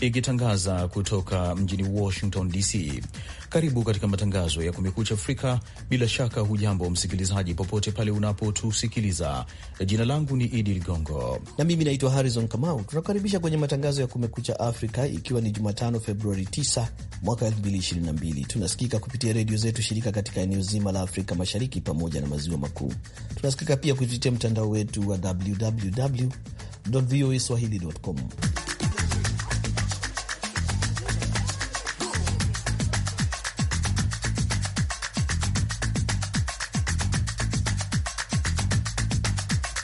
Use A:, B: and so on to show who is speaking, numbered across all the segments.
A: ikitangaza kutoka mjini Washington DC. Karibu katika matangazo ya Kumekucha Afrika. Bila shaka, hujambo msikilizaji, popote pale unapotusikiliza. Jina langu ni Idi
B: Ligongo na mimi naitwa Harrison Kamau. Tunakaribisha kwenye matangazo ya Kumekucha Afrika, ikiwa ni Jumatano Februari 9 mwaka 2022. Tunasikika kupitia redio zetu shirika katika eneo zima la Afrika Mashariki pamoja na maziwa makuu. Tunasikika pia kupitia mtandao wetu wa www voa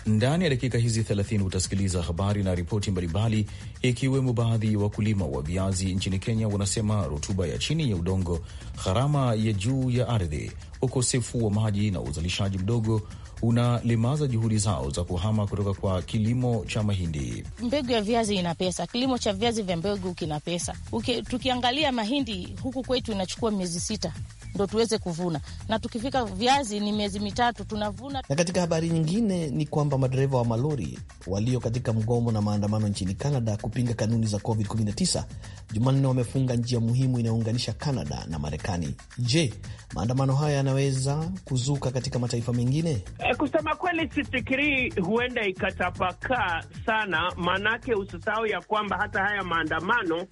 A: Ndani ya dakika hizi 30 utasikiliza habari na ripoti mbalimbali, ikiwemo baadhi ya wakulima wa viazi nchini Kenya wanasema rutuba ya chini ya udongo, gharama ya juu ya ardhi, ukosefu wa maji na uzalishaji mdogo unalimaza juhudi zao za kuhama kutoka kwa kilimo cha mahindi.
C: Mbegu ya viazi ina pesa, kilimo cha viazi vya mbegu kina pesa. Tukiangalia mahindi huku kwetu inachukua miezi sita ndo tuweze kuvuna na tukifika viazi ni miezi mitatu tunavuna. Na
B: katika habari nyingine ni kwamba madereva wa malori walio katika mgomo na maandamano nchini Canada kupinga kanuni za COVID-19 Jumanne wamefunga njia muhimu inayounganisha Canada na Marekani. Je, maandamano haya yanaweza kuzuka katika mataifa mengine?
D: Eh, kusema kweli, sifikirii huenda ikatapakaa sana, maanake usisahau ya kwamba hata haya maandamano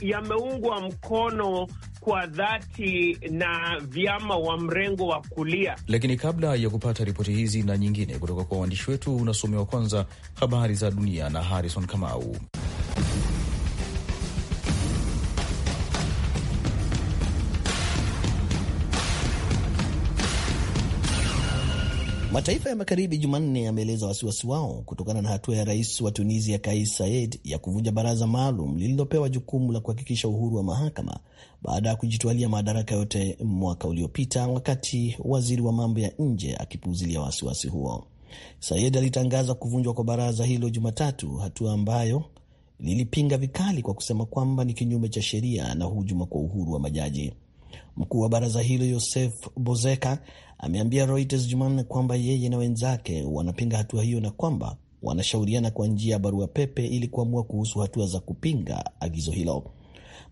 D: yameungwa ya mkono kwa dhati na vyama wa mrengo wa kulia.
A: Lakini kabla ya kupata ripoti hizi na nyingine kutoka kwa waandishi wetu, unasomewa kwanza habari za dunia na Harrison Kamau.
B: Mataifa ya magharibi Jumanne yameeleza wasiwasi wao kutokana na hatua ya rais wa Tunisia Kais Saied ya kuvunja baraza maalum lililopewa jukumu la kuhakikisha uhuru wa mahakama baada ya kujitwalia madaraka yote mwaka uliopita, wakati waziri wa mambo ya nje akipuuzilia wasiwasi huo. Saied alitangaza kuvunjwa kwa baraza hilo Jumatatu, hatua ambayo lilipinga vikali kwa kusema kwamba ni kinyume cha sheria na hujuma kwa uhuru wa majaji. Mkuu wa baraza hilo Yosef Bozeka ameambia Reuters Jumanne kwamba yeye na wenzake wanapinga hatua hiyo na kwamba wanashauriana kwa njia ya barua pepe ili kuamua kuhusu hatua za kupinga agizo hilo.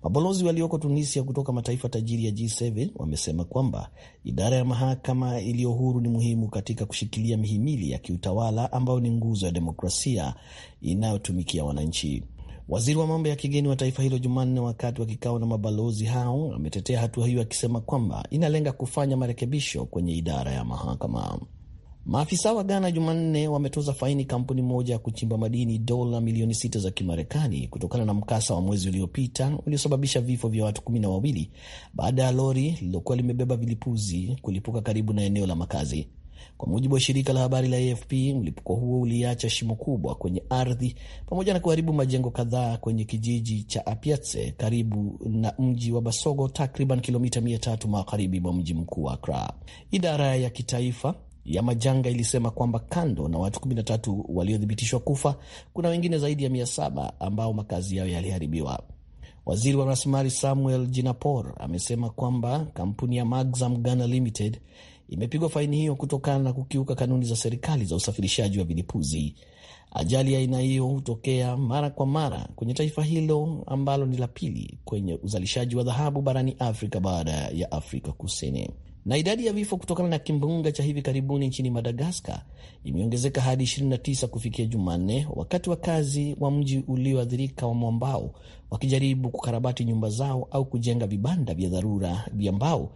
B: Mabalozi walioko Tunisia kutoka mataifa tajiri ya G7 wamesema kwamba idara ya mahakama iliyo huru ni muhimu katika kushikilia mihimili ya kiutawala ambayo ni nguzo ya demokrasia inayotumikia wananchi. Waziri wa mambo ya kigeni wa taifa hilo Jumanne, wakati wa kikao na mabalozi hao, ametetea hatua hiyo akisema kwamba inalenga kufanya marekebisho kwenye idara ya mahakama. Maafisa wa Ghana Jumanne wametoza faini kampuni moja ya kuchimba madini dola milioni sita za Kimarekani kutokana na mkasa wa mwezi uliopita uliosababisha vifo vya watu kumi na wawili baada ya lori lililokuwa limebeba vilipuzi kulipuka karibu na eneo la makazi. Kwa mujibu wa shirika la habari la AFP, mlipuko huo uliacha shimo kubwa kwenye ardhi pamoja na kuharibu majengo kadhaa kwenye kijiji cha Apiatse karibu na mji wa Basogo, takriban kilomita tatu magharibi mwa mji mkuu wa Accra. Idara ya kitaifa ya majanga ilisema kwamba kando na watu 13 waliothibitishwa kufa, kuna wengine zaidi ya saba ambao makazi yao yaliharibiwa. Waziri wa rasilimali Samuel Jinapor amesema kwamba kampuni ya Maxam Ghana Limited imepigwa faini hiyo kutokana na kukiuka kanuni za serikali za usafirishaji wa vilipuzi. Ajali ya aina hiyo hutokea mara kwa mara kwenye taifa hilo ambalo ni la pili kwenye uzalishaji wa dhahabu barani Afrika baada ya Afrika Kusini. Na idadi ya vifo kutokana na kimbunga cha hivi karibuni nchini Madagaskar imeongezeka hadi 29 kufikia Jumanne, wakati wakazi wa mji ulioathirika wa mwambao wakijaribu kukarabati nyumba zao au kujenga vibanda vya dharura vya mbao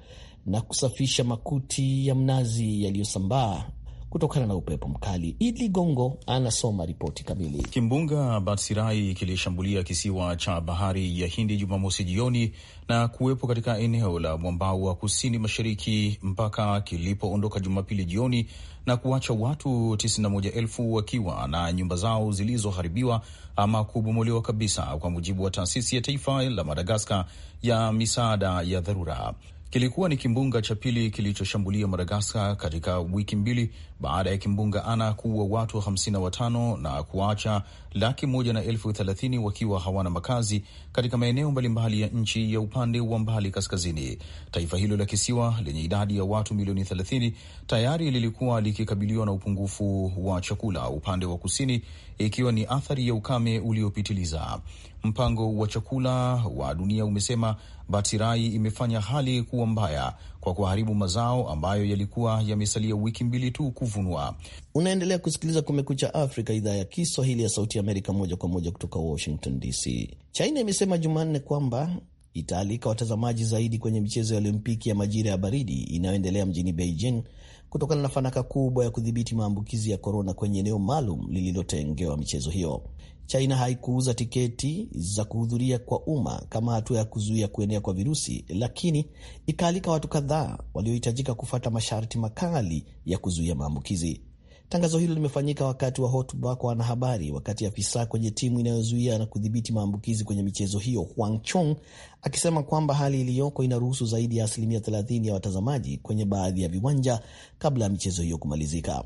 B: na kusafisha makuti ya mnazi yaliyosambaa kutokana na upepo mkali. Idi Gongo
A: anasoma ripoti kamili. Kimbunga Batsirai kilishambulia kisiwa cha bahari ya Hindi Jumamosi jioni na kuwepo katika eneo la mwambao wa kusini mashariki mpaka kilipoondoka Jumapili jioni na kuacha watu 91 wakiwa na nyumba zao zilizoharibiwa ama kubomolewa kabisa, kwa mujibu wa taasisi ya taifa la Madagaskar ya misaada ya dharura kilikuwa ni kimbunga cha pili kilichoshambulia Madagaskar katika wiki mbili baada ya kimbunga Ana kuua watu 55 na kuacha laki moja na elfu thelathini wakiwa hawana makazi katika maeneo mbalimbali ya nchi ya upande wa mbali kaskazini. Taifa hilo la kisiwa lenye idadi ya watu milioni 30 tayari lilikuwa likikabiliwa na upungufu wa chakula upande wa kusini, ikiwa ni athari ya ukame uliopitiliza. Mpango wa Chakula wa Dunia umesema batirai imefanya hali kuwa mbaya kwa kuharibu mazao
B: ambayo yalikuwa yamesalia wiki mbili tu kuvunwa. Unaendelea kusikiliza Kumekucha Afrika, idhaa ya Kiswahili ya Sauti ya Amerika, moja kwa moja kutoka Washington DC. China imesema Jumanne kwamba itaalika watazamaji zaidi kwenye michezo ya Olimpiki ya majira ya baridi inayoendelea mjini Beijing kutokana na fanaka kubwa ya kudhibiti maambukizi ya korona kwenye eneo maalum lililotengewa michezo hiyo. China haikuuza tiketi za kuhudhuria kwa umma kama hatua ya kuzuia kuenea kwa virusi, lakini ikaalika watu kadhaa waliohitajika kufata masharti makali ya kuzuia maambukizi. Tangazo hilo limefanyika wakati wa hotuba kwa wanahabari, wakati afisa kwenye timu inayozuia na kudhibiti maambukizi kwenye michezo hiyo Huang Chong akisema kwamba hali iliyoko inaruhusu zaidi ya asilimia 30 ya watazamaji kwenye baadhi ya viwanja kabla ya michezo hiyo kumalizika.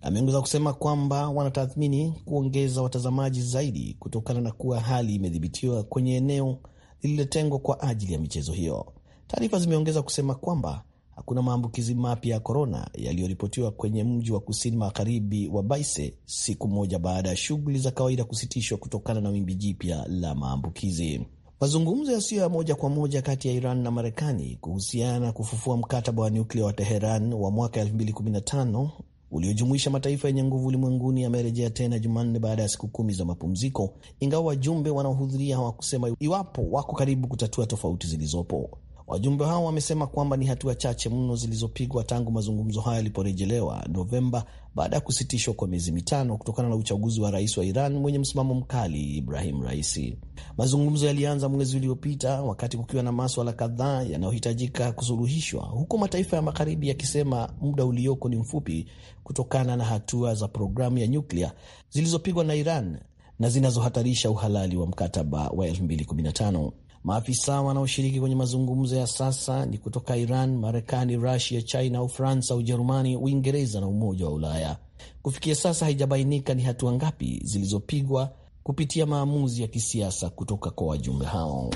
B: Ameongeza kusema kwamba wanatathmini kuongeza watazamaji zaidi kutokana na kuwa hali imedhibitiwa kwenye eneo lililotengwa kwa ajili ya michezo hiyo. Taarifa zimeongeza kusema kwamba hakuna maambukizi mapya ya korona yaliyoripotiwa kwenye mji wa kusini magharibi wa Baise, siku moja baada ya shughuli za kawaida kusitishwa kutokana na wimbi jipya la maambukizi. Mazungumzo yasiyo ya moja kwa moja kati ya Iran na Marekani kuhusiana na kufufua mkataba wa nyuklia wa Teheran wa mwaka 2015 uliojumuisha mataifa yenye nguvu ulimwenguni yamerejea tena Jumanne baada ya siku kumi za mapumziko, ingawa wajumbe wanaohudhuria hawakusema iwapo wako karibu kutatua tofauti zilizopo. Wajumbe hao wamesema kwamba ni hatua chache mno zilizopigwa tangu mazungumzo hayo yaliporejelewa Novemba baada ya kusitishwa kwa miezi mitano kutokana na uchaguzi wa rais wa Iran mwenye msimamo mkali Ibrahim Raisi. Mazungumzo yalianza mwezi uliopita wakati kukiwa na maswala kadhaa yanayohitajika kusuluhishwa, huku mataifa ya magharibi yakisema muda ulioko ni mfupi kutokana na hatua za programu ya nyuklia zilizopigwa na Iran na zinazohatarisha uhalali wa mkataba wa 2015. Maafisa wanaoshiriki kwenye mazungumzo ya sasa ni kutoka Iran, Marekani, Rusia, China, Ufaransa, Ujerumani, Uingereza na Umoja wa Ulaya. Kufikia sasa haijabainika ni hatua ngapi zilizopigwa kupitia maamuzi ya kisiasa kutoka kwa wajumbe hao.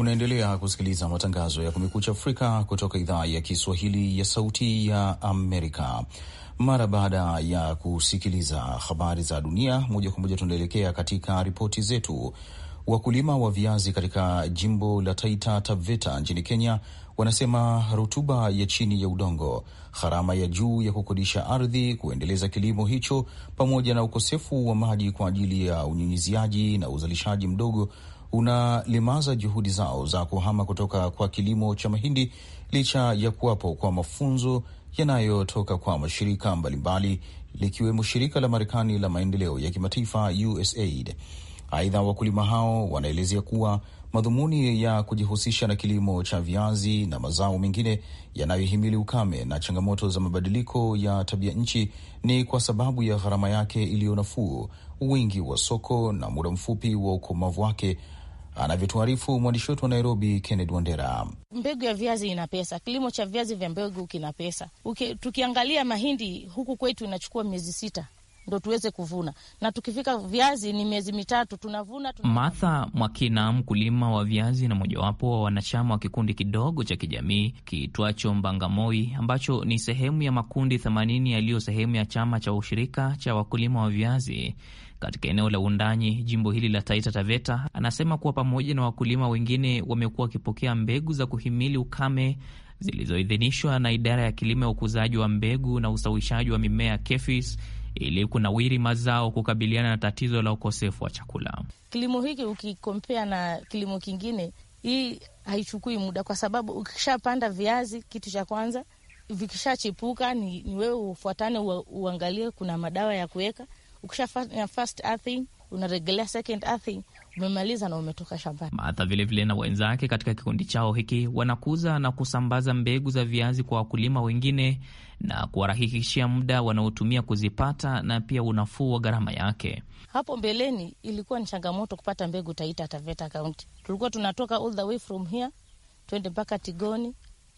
A: Unaendelea kusikiliza matangazo ya Kumekucha Afrika kutoka idhaa ya Kiswahili ya Sauti ya Amerika. Mara baada ya kusikiliza habari za dunia moja kwa moja, tunaelekea katika ripoti zetu. Wakulima wa viazi katika jimbo la Taita Taveta nchini Kenya wanasema rutuba ya chini ya udongo, gharama ya juu ya kukodisha ardhi kuendeleza kilimo hicho, pamoja na ukosefu wa maji kwa ajili ya unyunyiziaji na uzalishaji mdogo unalimaza juhudi zao za kuhama kutoka kwa kilimo cha mahindi licha ya kuwapo kwa mafunzo yanayotoka kwa mashirika mbalimbali likiwemo shirika la Marekani la maendeleo ya kimataifa USAID. Aidha, wakulima hao wanaelezea kuwa madhumuni ya kujihusisha na kilimo cha viazi na mazao mengine yanayohimili ukame na changamoto za mabadiliko ya tabia nchi ni kwa sababu ya gharama yake iliyo nafuu, wingi wa soko na muda mfupi wa ukomavu wake anavyotuarifu mwandishi wetu wa Nairobi, Kennedy Wandera.
C: Mbegu ya viazi ina pesa, kilimo cha viazi vya mbegu kina pesa. Uke, tukiangalia mahindi huku kwetu inachukua miezi sita ndo tuweze kuvuna na tukifika viazi ni miezi mitatu tunavuna,
E: tunavuna. Martha Mwakina, mkulima wa viazi na mojawapo wa wanachama wa kikundi kidogo cha kijamii kiitwacho Mbangamoi ambacho ni sehemu ya makundi themanini yaliyo sehemu ya chama cha ushirika cha wakulima wa viazi katika eneo la uundanyi jimbo hili la Taita Taveta, anasema kuwa pamoja na wakulima wengine wamekuwa wakipokea mbegu za kuhimili ukame zilizoidhinishwa na idara ya kilimo ya ukuzaji wa mbegu na usawishaji wa mimea KEFIS ili kunawiri mazao kukabiliana na tatizo la ukosefu wa chakula.
C: Kilimo hiki ukikompea na kilimo kingine, hii haichukui muda, kwa sababu ukishapanda viazi, kitu cha kwanza vikishachipuka ni, ni wewe ufuatane uangalie kuna madawa ya kuweka Ukishafanya first earthing, unaregelea second earthing, umemaliza na umetoka shambani.
E: Martha vilevile na wenzake katika kikundi chao hiki wanakuza na kusambaza mbegu za viazi kwa wakulima wengine na kuwarahikishia muda wanaotumia kuzipata na pia unafuu wa gharama yake.
C: Hapo mbeleni ilikuwa ni changamoto kupata mbegu Taita Taveta Kaunti. Tulikuwa tunatoka all the way from here twende mpaka Tigoni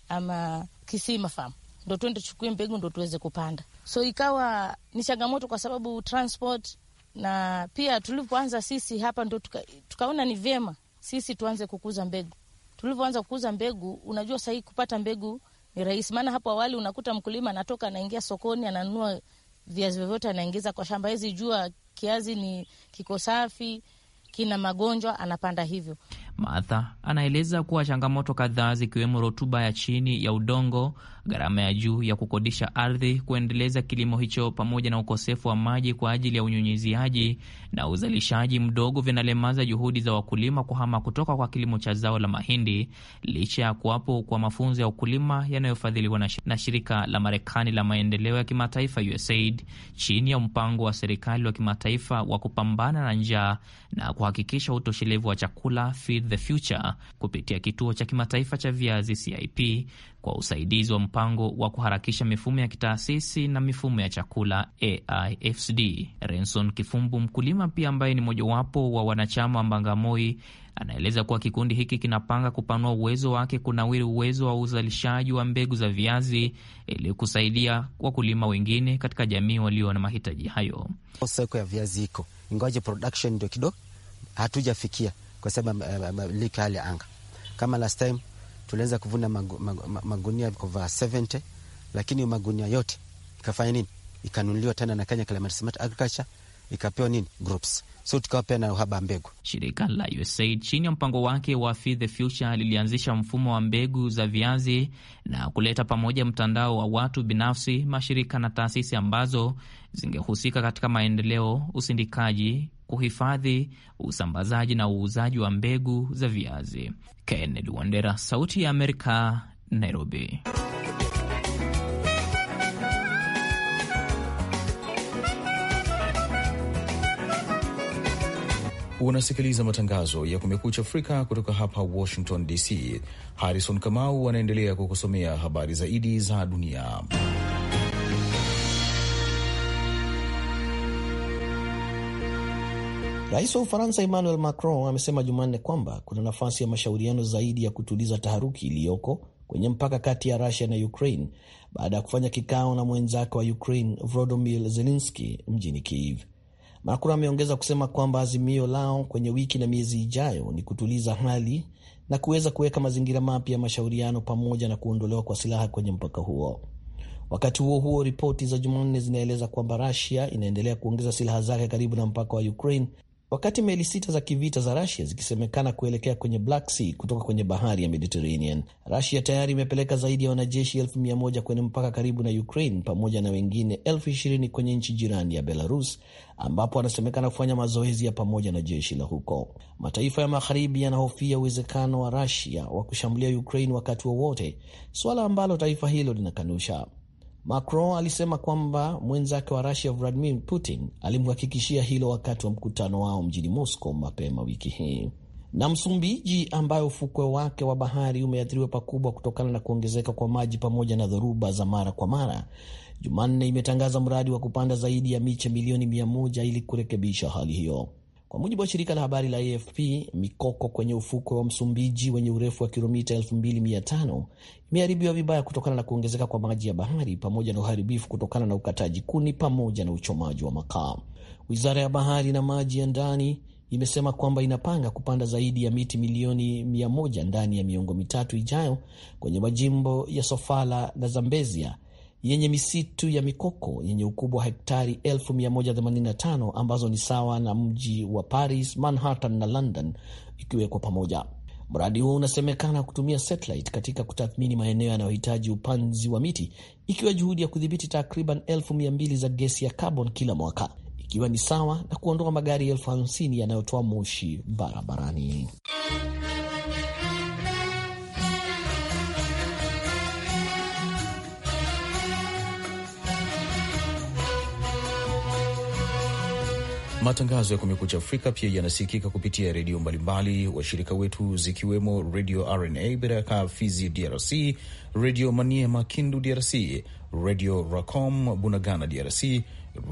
C: ama Kisima Farm ndo twende tuchukue mbegu ndo tuweze kupanda so ikawa ni changamoto kwa sababu transport, na pia tulipoanza sisi hapa ndo tuka, tukaona ni vyema sisi tuanze kukuza mbegu. Tulivyoanza kukuza mbegu, unajua sahii kupata mbegu ni rahisi, maana hapo awali unakuta mkulima anatoka anaingia sokoni ananunua viazi vyovyote anaingiza kwa shamba, hizi jua kiazi ni kiko safi kina magonjwa anapanda hivyo.
E: Martha anaeleza kuwa changamoto kadhaa zikiwemo rotuba ya chini ya udongo gharama ya juu ya kukodisha ardhi kuendeleza kilimo hicho, pamoja na ukosefu wa maji kwa ajili ya unyunyiziaji na uzalishaji mdogo, vinalemaza juhudi za wakulima kuhama kutoka kwa kilimo cha zao la mahindi, licha ya kuwapo kwa mafunzo ya ukulima yanayofadhiliwa na shirika la Marekani la maendeleo ya kimataifa USAID chini ya mpango wa serikali wa kimataifa wa kupambana na njaa na kuhakikisha utoshelevu wa chakula Feed the Future kupitia kituo cha kimataifa cha viazi CIP kwa usaidizi wa mpango wa kuharakisha mifumo ya kitaasisi na mifumo ya chakula AIFSD. Renson Kifumbu, mkulima pia ambaye ni mojawapo wa wanachama wa Mbangamoi, anaeleza kuwa kikundi hiki kinapanga kupanua uwezo wake kunawiri uwezo wa uzalishaji wa mbegu za viazi ili kusaidia wakulima wengine katika jamii walio na mahitaji hayo.
A: Soko ya viazi iko ingawaje production ndio kidogo hatujafikia kwa sababu uh, hali ya anga kama last time tulianza kuvuna magu, magu, magunia over 70 lakini magunia yote ikafanya nini, ikanunuliwa tena na Kenya Climate Smart Agriculture ikapewa nini groups so tukawa pia na uhaba wa mbegu. Shirika la
E: USAID chini ya mpango wake wa Feed the Future lilianzisha mfumo wa mbegu za viazi na kuleta pamoja mtandao wa watu binafsi, mashirika na taasisi ambazo zingehusika katika maendeleo, usindikaji uhifadhi, usambazaji na uuzaji wa mbegu za viazi. Kennedy Wandera, Sauti ya Amerika, Nairobi.
A: Unasikiliza matangazo ya Kumekucha Afrika kutoka hapa Washington DC. Harrison Kamau anaendelea kukusomea habari zaidi za dunia.
B: Rais wa Ufaransa Emmanuel Macron amesema Jumanne kwamba kuna nafasi ya mashauriano zaidi ya kutuliza taharuki iliyoko kwenye mpaka kati ya Rusia na Ukraine baada ya kufanya kikao na mwenzake wa Ukraine Volodymyr Zelensky mjini Kiev. Macron ameongeza kusema kwamba azimio lao kwenye wiki na miezi ijayo ni kutuliza hali na kuweza kuweka mazingira mapya ya mashauriano pamoja na kuondolewa kwa silaha kwenye mpaka huo. Wakati huo huo, ripoti za Jumanne zinaeleza kwamba Rusia inaendelea kuongeza silaha zake karibu na mpaka wa Ukraine wakati meli sita za kivita za Rusia zikisemekana kuelekea kwenye Black Sea kutoka kwenye bahari ya Mediterranean. Rusia tayari imepeleka zaidi ya wanajeshi elfu mia moja kwenye mpaka karibu na Ukraine pamoja na wengine elfu ishirini kwenye nchi jirani ya Belarus, ambapo wanasemekana kufanya mazoezi ya pamoja na jeshi la huko. Mataifa ya Magharibi yanahofia uwezekano wa Rusia wa kushambulia Ukraine wakati wowote wa, suala ambalo taifa hilo linakanusha. Macron alisema kwamba mwenzake wa Rusia Vladimir Putin alimhakikishia hilo wakati wa mkutano wao mjini Moscow mapema wiki hii. Na Msumbiji, ambayo ufukwe wake wa bahari umeathiriwa pakubwa kutokana na kuongezeka kwa maji pamoja na dhoruba za mara kwa mara, Jumanne imetangaza mradi wa kupanda zaidi ya miche milioni mia moja ili kurekebisha hali hiyo. Kwa mujibu wa shirika la habari la AFP, mikoko kwenye ufukwe wa Msumbiji wenye urefu wa kilomita 2500 imeharibiwa vibaya kutokana na kuongezeka kwa maji ya bahari pamoja na uharibifu kutokana na ukataji kuni pamoja na uchomaji wa makaa. Wizara ya Bahari na Maji ya Ndani imesema kwamba inapanga kupanda zaidi ya miti milioni 100 ndani ya miongo mitatu ijayo kwenye majimbo ya Sofala na Zambezia yenye misitu ya mikoko yenye ukubwa wa hektari 185 ambazo ni sawa na mji wa Paris, Manhattan na London ikiwekwa pamoja. Mradi huo unasemekana kutumia satellite katika kutathmini maeneo yanayohitaji upanzi wa miti, ikiwa juhudi ya kudhibiti takriban elfu mia mbili za gesi ya carbon kila mwaka, ikiwa ni sawa na kuondoa magari elfu hamsini yanayotoa moshi barabarani.
A: Matangazo ya Kumekucha Afrika pia yanasikika kupitia redio mbalimbali washirika wetu zikiwemo Redio RNA Baraka Fizi DRC, Redio Maniema Kindu DRC, Redio Racom Bunagana DRC,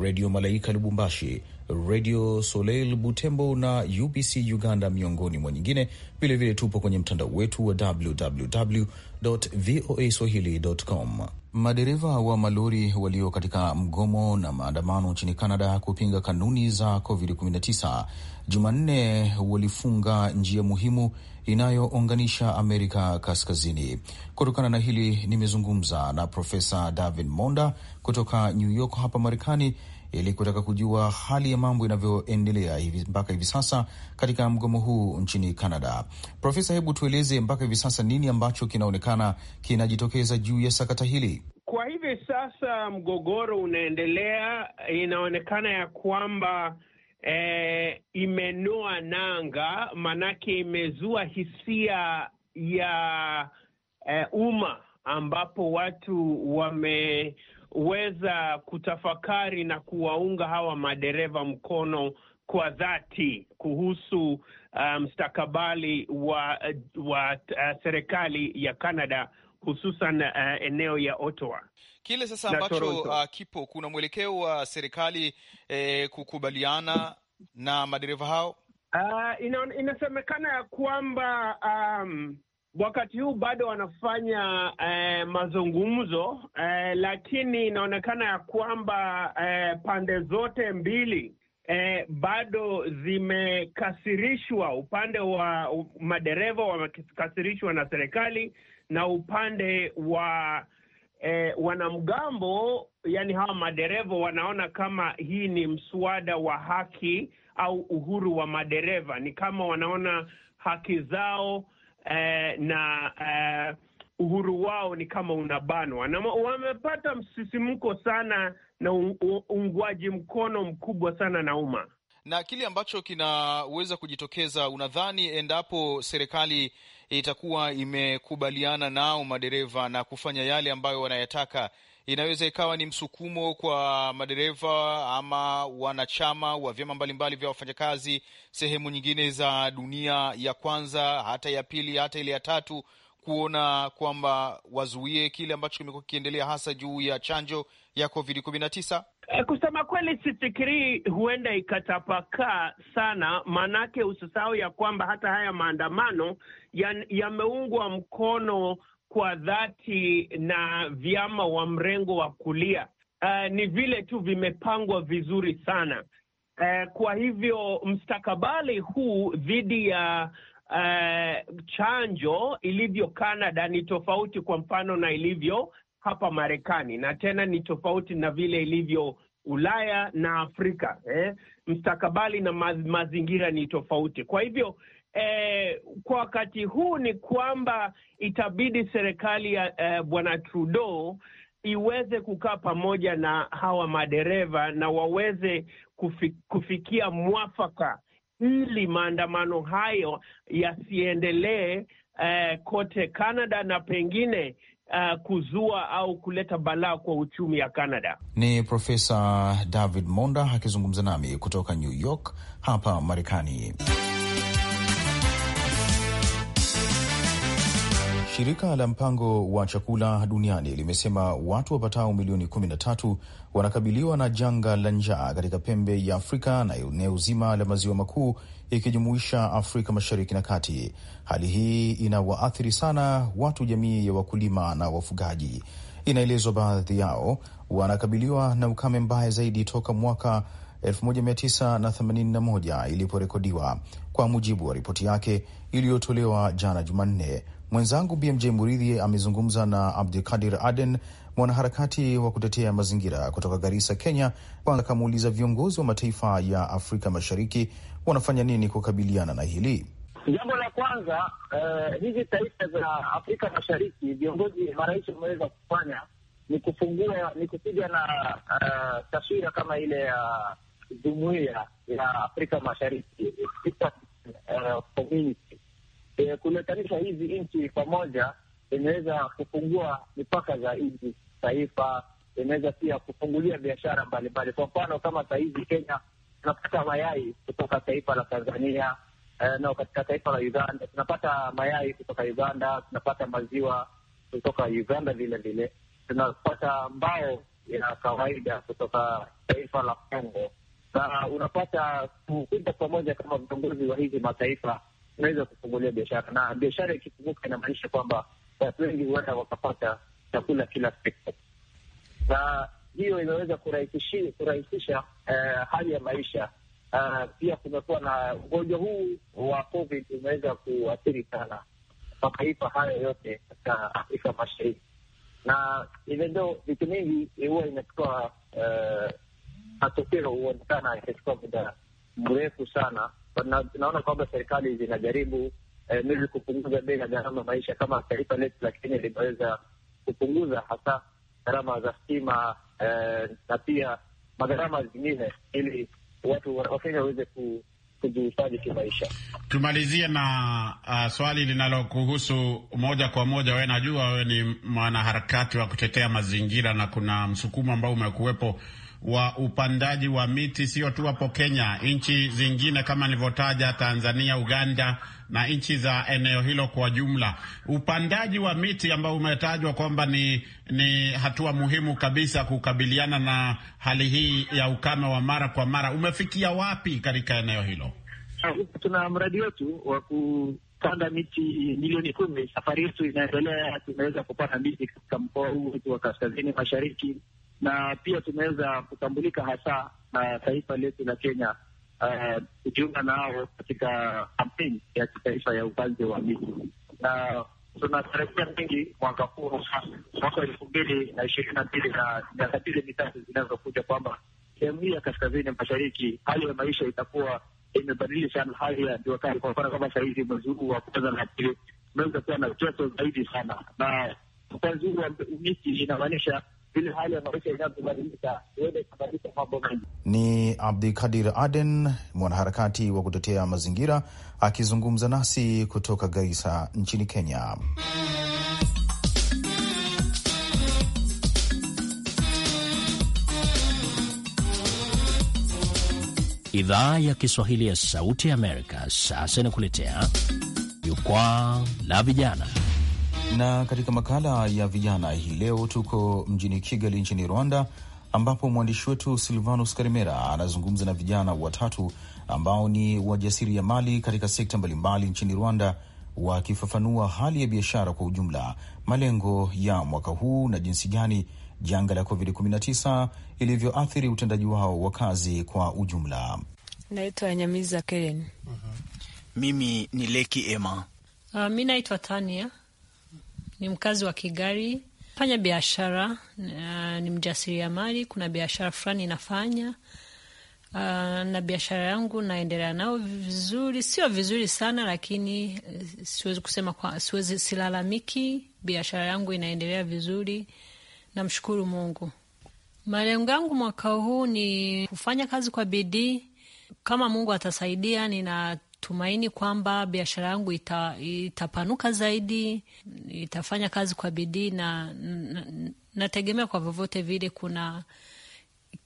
A: Redio Malaika Lubumbashi, Radio Soleil Butembo na UBC Uganda, miongoni mwa nyingine. Vilevile tupo kwenye mtandao wetu wa www voa swahili.com. Madereva wa malori walio katika mgomo na maandamano nchini Canada kupinga kanuni za COVID-19 Jumanne walifunga njia muhimu inayounganisha Amerika Kaskazini. Kutokana na hili, nimezungumza na Profesa David Monda kutoka New York hapa Marekani ili kutaka kujua hali ya mambo inavyoendelea hivi mpaka hivi sasa katika mgomo huu nchini Canada. Profesa, hebu tueleze mpaka hivi sasa nini ambacho kinaonekana kinajitokeza juu ya sakata hili?
D: Kwa hivi sasa mgogoro unaendelea, inaonekana ya kwamba e, eh, imenoa nanga, maanake imezua hisia ya e, umma ambapo watu wame kuweza kutafakari na kuwaunga hawa madereva mkono kwa dhati kuhusu uh, mstakabali um, wa, uh, wa uh, serikali ya Canada hususan uh, eneo ya Ottawa.
A: Kile sasa ambacho uh, kipo kuna mwelekeo wa serikali eh, kukubaliana
D: na madereva hao. Uh, ina, inasemekana ya kwamba um, wakati huu bado wanafanya eh, mazungumzo eh, lakini inaonekana ya kwamba eh, pande zote mbili eh, bado zimekasirishwa. Upande wa madereva wamekasirishwa na serikali na upande wa eh, wanamgambo, yani hawa madereva wanaona kama hii ni mswada wa haki au uhuru wa madereva, ni kama wanaona haki zao eh, na eh, uhuru wao ni kama unabanwa na wamepata msisimko sana na uungwaji mkono mkubwa sana na umma
A: na kile ambacho kinaweza kujitokeza, unadhani endapo serikali itakuwa imekubaliana nao madereva na kufanya yale ambayo wanayataka, inaweza ikawa ni msukumo kwa madereva ama wanachama wa vyama mbalimbali vya wafanyakazi sehemu nyingine za dunia, ya kwanza hata ya pili hata ile ya tatu, kuona kwamba wazuie kile ambacho kimekuwa kikiendelea hasa juu ya chanjo ya Covid 19.
D: Eh, kusema kweli, sifikirii huenda ikatapakaa sana, maanake usisahau ya kwamba hata haya maandamano yameungwa mkono kwa dhati na vyama wa mrengo wa kulia uh, ni vile tu vimepangwa vizuri sana uh, kwa hivyo mstakabali huu dhidi ya uh, chanjo ilivyo Canada ni tofauti kwa mfano na ilivyo hapa Marekani, na tena ni tofauti na vile ilivyo Ulaya na Afrika eh? Mstakabali na ma mazingira ni tofauti, kwa hivyo eh, kwa wakati huu ni kwamba itabidi serikali ya eh, bwana Trudeau iweze kukaa pamoja na hawa madereva na waweze kufi, kufikia mwafaka ili maandamano hayo yasiendelee eh, kote Canada na pengine Uh, kuzua au kuleta balaa kwa uchumi ya Canada.
A: Ni Profesa David Monda akizungumza nami kutoka New York hapa Marekani. Shirika la mpango wa chakula duniani limesema watu wapatao milioni 13 wanakabiliwa na janga la njaa katika pembe ya Afrika na eneo zima la maziwa makuu ikijumuisha Afrika mashariki na kati. Hali hii inawaathiri sana watu, jamii ya wakulima na wafugaji. Inaelezwa baadhi yao wanakabiliwa na ukame mbaya zaidi toka mwaka 1981 iliporekodiwa, kwa mujibu wa ripoti yake iliyotolewa jana Jumanne. Mwenzangu BMJ Muridhi amezungumza na Abdulkadir Aden, mwanaharakati wa kutetea mazingira kutoka Garisa, Kenya. Kwanza akamuuliza viongozi wa mataifa ya Afrika Mashariki wanafanya nini kukabiliana na hili
F: jambo. La kwanza uh, hizi taifa za Afrika Mashariki viongozi, marais wameweza kufanya ni kufungua ni kupiga na uh, taswira kama ile ya jumuiya ya Afrika Mashariki uh, community e, kuletanisha hizi nchi pamoja inaweza kufungua mipaka za nchi taifa, inaweza pia kufungulia biashara mbalimbali. Kwa mfano kama sahizi Kenya tunapata mayai kutoka taifa la Tanzania eh, na katika taifa la Uganda tunapata mayai kutoka Uganda, tunapata maziwa kutoka Uganda vile vile, tunapata mbao ya kawaida kutoka taifa la Kongo, na unapata kukuja pamoja kama viongozi wa hizi mataifa tunaweza kufungulia biashara, na biashara ikifunguka inamaanisha kwamba watu wengi huenda wakapata chakula kila siku, na hiyo imeweza kurahisisha eh, hali ya maisha. Uh, pia kumekuwa na ugonjwa huu wa COVID umeweza kuathiri sana mataifa hayo yote katika Afrika Mashariki, na ivendo vitu mingi huwa inachukua eh, matokeo, huonekana itachukua muda mrefu sana tunaona kwamba serikali zinajaribu eh, mili kupunguza bei na gharama maisha, kama taifa letu la Kenya limeweza kupunguza hasa gharama za stima eh, na pia magharama zingine, ili watu Wakenya waweze ku kimaisha.
D: Tumalizie na uh, swali linalokuhusu moja kwa moja. we najua wewe ni mwanaharakati wa kutetea mazingira na kuna msukumo ambao umekuwepo wa upandaji wa miti sio tu hapo Kenya, nchi zingine kama nilivyotaja, Tanzania, Uganda na nchi za eneo hilo kwa jumla. Upandaji wa miti ambao umetajwa kwamba ni, ni hatua muhimu kabisa kukabiliana na hali hii ya ukame wa mara kwa mara umefikia wapi katika eneo hilo?
F: Ah, tuna mradi wetu wa kupanda miti milioni kumi. Safari yetu inaendelea, tumeweza kupanda miti katika mkoa huu wetu wa kaskazini mashariki na pia tumeweza kutambulika hasa na taifa letu la Kenya eh, kujiunga uh, nao katika kampeni ya kitaifa ya upanzi wa miti na tunatarajia mingi mwaka huu mwaka elfu mbili na ishirini na mbili na miaka mbili mitatu zinazokuja, kwamba sehemu hii ya kaskazini mashariki hali ya maisha itakuwa imebadili sana hali ya jua kali. Kwa mfano kama sahizi mwezi huu wa kwanza na pili umeweza kuwa na joto zaidi sana, na upanzi huu wa miti inamaanisha vile hali ya maisha inavyobadilika huenda ikabadilisha mambo mengi.
A: Ni Abdikadir Aden, mwanaharakati wa kutetea mazingira, akizungumza nasi kutoka Garissa nchini Kenya.
E: Idhaa ya Kiswahili ya Sauti ya Amerika sasa inakuletea jukwaa
A: la vijana. Na katika makala ya vijana hii leo tuko mjini Kigali nchini Rwanda, ambapo mwandishi wetu Silvanus Karimera anazungumza na vijana watatu ambao ni wajasiriamali katika sekta mbalimbali nchini Rwanda, wakifafanua hali ya biashara kwa ujumla, malengo ya mwaka huu na jinsi gani janga la COVID-19 ilivyoathiri utendaji wao wa kazi kwa ujumla.
G: Naitwa Nyamiza Keren. Uh mm-hmm.
H: -huh. Mimi ni Leki Ema.
G: Uh, mi naitwa Tania ni mkazi wa Kigali, fanya biashara uh, ni mjasiriamali. Kuna biashara fulani inafanya uh, na biashara yangu naendelea nao vizuri, sio vizuri sana, lakini uh, siwezi kusema kwa, siwezi silalamiki. Biashara yangu inaendelea vizuri, namshukuru Mungu. Malengo yangu mwaka huu ni kufanya kazi kwa bidii, kama Mungu atasaidia nina tumaini kwamba biashara yangu ita, itapanuka zaidi, itafanya kazi kwa bidii na nategemea kwa vyovyote vile kuna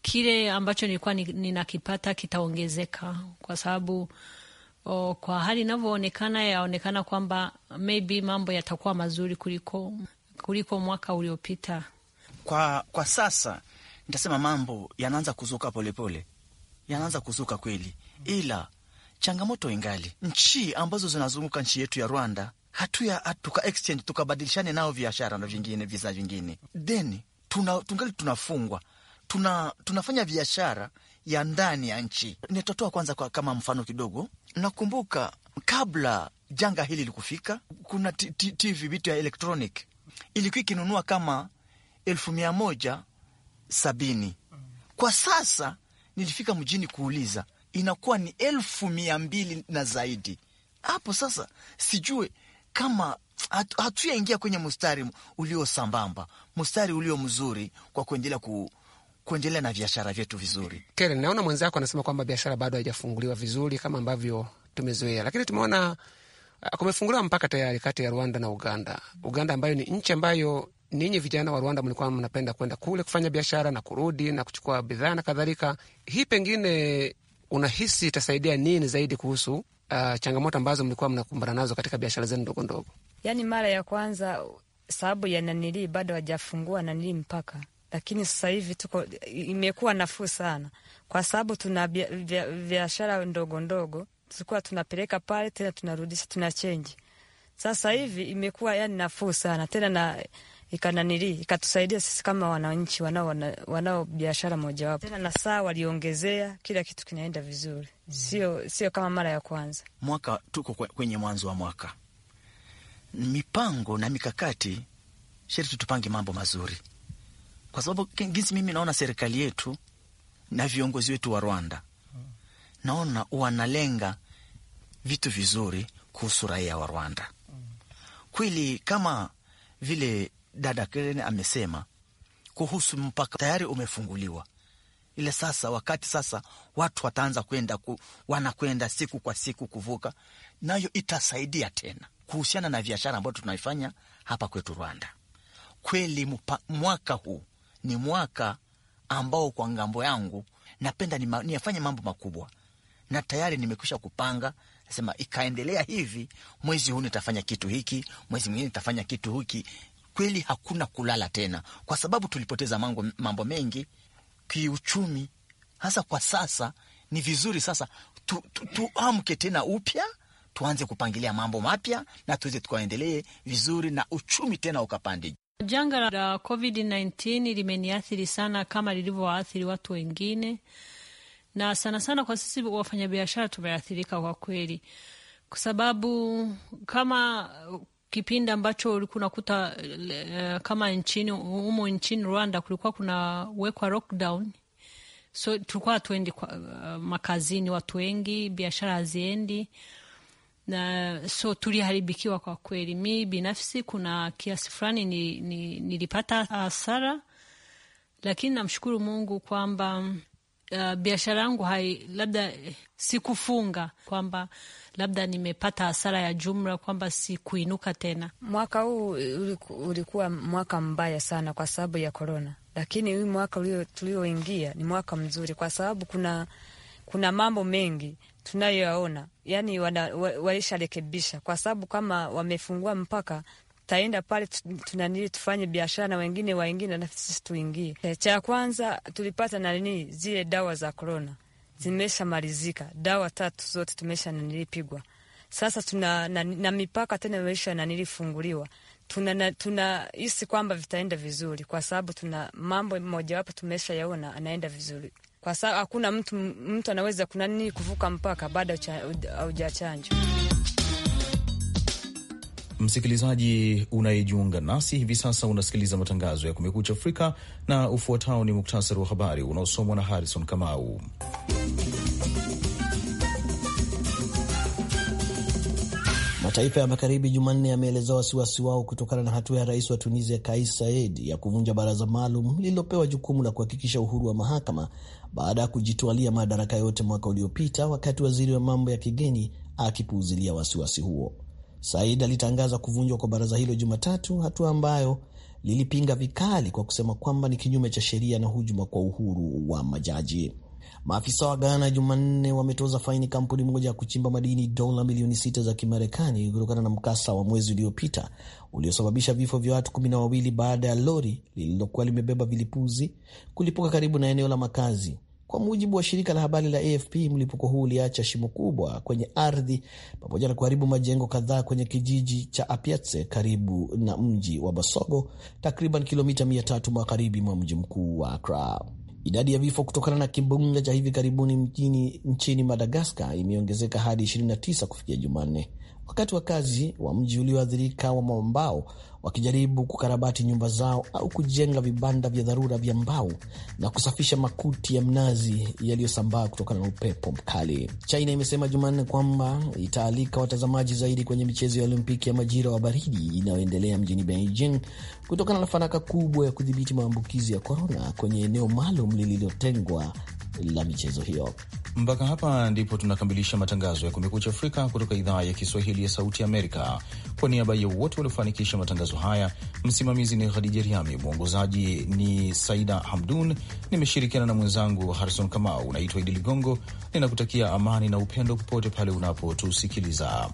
G: kile ambacho nilikuwa ninakipata kitaongezeka, kwa sababu o, kwa hali inavyoonekana yaonekana kwamba maybe mambo yatakuwa mazuri kuliko, kuliko mwaka uliopita.
H: Kwa, kwa sasa nitasema mambo yanaanza kuzuka polepole, yanaanza kuzuka kweli, ila changamoto ingali nchi ambazo zinazunguka nchi yetu ya Rwanda hatuya tuka exchange tukabadilishane nao biashara na vingine visa vingine then tuna, tungali tunafungwa tuna, tunafanya biashara ya ndani ya nchi. Nitatoa kwanza kwa kama mfano kidogo. Nakumbuka kabla janga hili likufika, kuna TV vitu ya electronic ilikuwa ikinunua kama elfu mia moja sabini. Kwa sasa nilifika mjini kuuliza inakuwa ni elfu mia mbili na zaidi. Hapo sasa sijue kama hatuyaingia kwenye mstari ulio sambamba, mstari ulio mzuri kwa kuendelea ku kuendelea na biashara vyetu vizuri.
D: Karen, naona mwenzako anasema kwamba biashara bado haijafunguliwa vizuri kama ambavyo tumezoea, lakini tumeona ah, kumefunguliwa mpaka tayari kati ya Rwanda na Uganda. Uganda ambayo ni nchi ambayo ninyi vijana wa Rwanda mlikuwa mnapenda kwenda kule kufanya biashara na kurudi na kuchukua bidhaa na kadhalika. Hii pengine unahisi itasaidia nini zaidi kuhusu uh, changamoto ambazo mlikuwa mnakumbana nazo katika biashara zenu ndogo ndogo?
I: Yani mara ya kwanza sababu ya nanilii bado hajafungua nanilii mpaka lakini sasa hivi tuko imekuwa nafuu sana, kwa sababu tuna biashara ndogo ndogo tulikuwa tunapeleka pale, tena tunarudisha, tuna chenji. Sasa hivi imekuwa yani nafuu sana tena na ikananili ikatusaidia sisi kama wananchi wanao, wanao biashara mojawapo tena, na saa waliongezea, kila kitu kinaenda vizuri mm. Sio, sio kama mara ya kwanza.
H: Mwaka tuko kwenye mwanzo wa mwaka, mipango na mikakati sherti tupange mambo mazuri, kwa sababu kingizi mimi naona serikali yetu na viongozi wetu wa Rwanda, naona wanalenga vitu vizuri kuhusu raia wa Rwanda mm. kweli, kama vile dada Karen amesema kuhusu mpaka tayari umefunguliwa, ila sasa wakati sasa watu wataanza kwenda ku, wanakwenda siku kwa siku kuvuka, nayo itasaidia tena kuhusiana na biashara ambayo tunaifanya hapa kwetu Rwanda. Kweli mpa, mwaka huu ni mwaka ambao kwa ngambo yangu napenda niyafanye mambo makubwa, na tayari nimekwisha kupanga. Nasema ikaendelea hivi, mwezi huu nitafanya kitu hiki, mwezi mwingine nitafanya kitu hiki, kweli hakuna kulala tena, kwa sababu tulipoteza mambo, mambo mengi kiuchumi, hasa kwa sasa. Ni vizuri sasa tuamke tu, tu tena upya tuanze kupangilia mambo mapya na tuweze tukaendelee vizuri na uchumi tena ukapande.
G: Janga la COVID-19 limeniathiri sana kama lilivyowaathiri watu wengine, na sana sana kwa sisi wafanyabiashara tumeathirika kwa kweli, kwa sababu kama kipindi ambacho ulikuwa unakuta uh, kama nchini humo nchini Rwanda kulikuwa kuna wekwa lockdown, so tulikuwa hatuendi uh, makazini, watu wengi, biashara haziendi na so tuliharibikiwa kwa kweli. Mi binafsi kuna kiasi fulani nilipata ni, ni hasara, lakini namshukuru Mungu kwamba uh, biashara yangu hai labda eh, sikufunga kwamba labda nimepata hasara ya jumla kwamba sikuinuka
I: tena. Mwaka huu ulikuwa mwaka mbaya sana kwa sababu ya korona, lakini huu mwaka tulioingia ni mwaka mzuri kwa sababu kuna kuna mambo mengi tunayoyaona, yani wa, kwa sababu kama wamefungua mpaka taenda pale tunanili tufanye biashara na wengine waingine na sisi tuingie. E, cha kwanza tulipata nanini, zile dawa za korona zimeshamalizika, dawa tatu zote tumesha nanilipigwa. Sasa tuna na, na mipaka tena imesha nanilifunguliwa tunahisi tuna hisi kwamba vitaenda vizuri kwa sababu tuna mambo mojawapo tumesha yaona anaenda vizuri, kwa sababu hakuna mtu mtu anaweza kunani kuvuka mpaka baada ya haujachanjwa.
A: Msikilizaji unayejiunga nasi hivi sasa, unasikiliza matangazo ya Kumekucha Afrika na ufuatao ni muktasari wa habari unaosomwa na Harrison Kamau.
B: Mataifa ya Magharibi Jumanne yameelezea wasiwasi wao kutokana na hatua ya rais wa Tunisia Kais Saied ya kuvunja baraza maalum lililopewa jukumu la kuhakikisha uhuru wa mahakama baada ya kujitwalia madaraka yote mwaka uliopita, wakati waziri wa mambo ya kigeni akipuuzilia wasiwasi huo. Said alitangaza kuvunjwa kwa baraza hilo Jumatatu, hatua ambayo lilipinga vikali kwa kusema kwamba ni kinyume cha sheria na hujuma kwa uhuru wa majaji. Maafisa wa Ghana Jumanne wametoza faini kampuni moja ya kuchimba madini dola milioni sita za Kimarekani kutokana na mkasa wa mwezi uliopita uliosababisha vifo vya watu kumi na wawili baada ya lori lililokuwa limebeba vilipuzi kulipuka karibu na eneo la makazi kwa mujibu wa shirika la habari la AFP, mlipuko huu uliacha shimo kubwa kwenye ardhi pamoja na kuharibu majengo kadhaa kwenye kijiji cha Apiatse karibu na mji wa Basogo, takriban kilomita 300 magharibi mwa mji mkuu wa Accra. Idadi ya vifo kutokana na kimbunga cha hivi karibuni mjini nchini Madagaskar imeongezeka hadi 29 kufikia Jumanne, wakati wakazi wa mji ulioathirika wa Mwambao wakijaribu kukarabati nyumba zao au kujenga vibanda vya dharura vya mbao na kusafisha makuti ya mnazi yaliyosambaa kutokana na upepo mkali. China imesema Jumanne kwamba itaalika watazamaji zaidi kwenye michezo ya Olimpiki ya majira wa baridi inayoendelea mjini Beijing kutokana na faraka kubwa ya kudhibiti maambukizi ya korona kwenye eneo maalum lililotengwa la michezo hiyo.
A: Mpaka hapa ndipo tunakamilisha matangazo ya Kumekucha Afrika kutoka idhaa ya Kiswahili ya Sauti Amerika. Kwa niaba ya wote waliofanikisha matangazo haya, msimamizi ni Khadija Riami, mwongozaji ni Saida Hamdun, nimeshirikiana na mwenzangu Harison Kamau. Naitwa Idi Ligongo, ninakutakia amani na upendo popote pale unapotusikiliza.